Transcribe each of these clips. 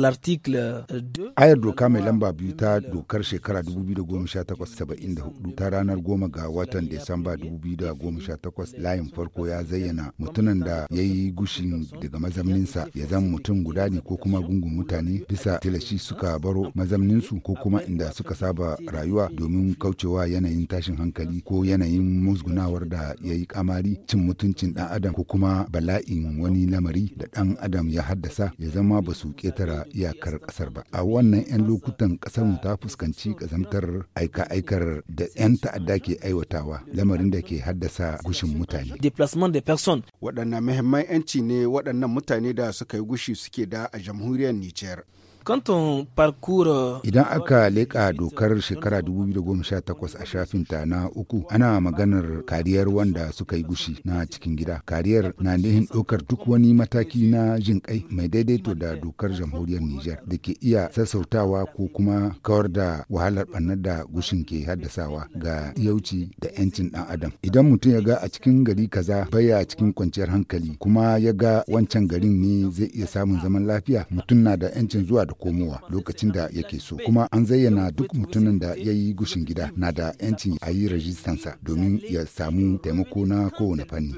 l'article 2 ayar doka mai lamba biyu ta dokar shekara 2018-74 ta ranar goma ga watan Desamba 2018 layin farko ya zayyana mutumin da ya yi gushin daga mazamninsa ya zama mutum guda ne ko kuma gungun mutane bisa tilashi suka baro mazamninsu ko kuma inda suka saba rayuwa domin kaucewa yanayin tashin hankali ko yanayin musgunawar da ya yi kamari cin mutuncin dan adam ko kuma bala'in wani lamari da dan adam ya haddasa ya zama ba su ketara iyakar ƙasar ba. A wannan 'yan lokutan mu ta fuskanci ƙazamtar aika-aikar da 'yan ta'adda ke aiwatawa lamarin da ke haddasa gushin mutane. Displacement de personnes. Waɗannan muhimman 'yanci ne waɗannan mutane da suka yi gushi suke da a jamhuriyar niger. kantun parkour... Idan aka leƙa dokar shekara 2018 a shafin ta na uku ana maganar kariyar wanda suka yi gushi na cikin gida. Kariyar na nihin ɗaukar duk wani mataki na jin kai mai daidaito da dokar jamhuriyar Nijar da ke iya sassautawa ko kuma kawar da wahalar bannar da gushin ke haddasawa ga yauci da 'yancin dan adam. Idan mutum ya ga a cikin gari kaza baya cikin kwanciyar hankali kuma ya ga wancan garin ne zai iya samun zaman lafiya mutum na da 'yancin zuwa da komowa lokacin da yake so kuma an zayyana duk mutumin da ya yi gushin gida na da yanci a yi rajistansa domin ya samu taimako na kowane fanni.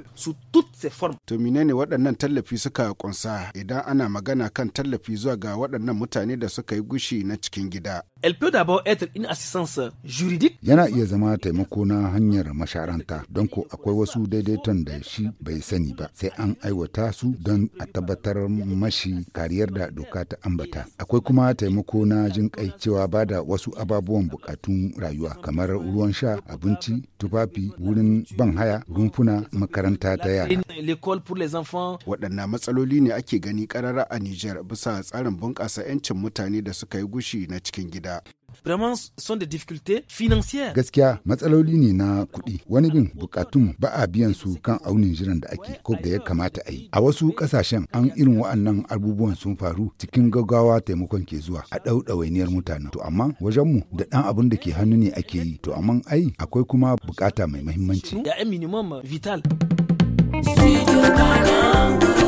To menene waɗannan tallafi suka kunsa idan ana magana kan tallafi zuwa ga waɗannan mutane da suka yi gushi na cikin gida. Yana iya zama taimako na hanyar masharanta don ko akwai wasu daidaiton da shi bai sani ba sai an aiwata su don a tabbatar mashi kariyar da doka ta ambata. akwai kuma taimako na jin kai cewa ba da wasu ababuwan bukatun rayuwa kamar ruwan sha abinci tufafi wurin ban haya rumfuna makaranta ta yara waɗannan matsaloli ne ake gani karara a niger bisa tsarin bunƙasa 'yancin mutane da suka yi gushi na cikin gida vraiment sont des difficultés financières. Gaskiya matsaloli ne na kuɗi wani bin bukatun ba a biyan su kan aunin jiran da ake ko da ya kamata a yi. A wasu ƙasashen an irin waɗannan abubuwan sun faru cikin gaggawa taimakon ke zuwa a ɗau ɗawainiyar mutanen. To amma mu da ɗan abin da ke hannu ne ake yi to amma ai akwai kuma bukata mai mahimmanci. Da minimum vital. Studio Banangu.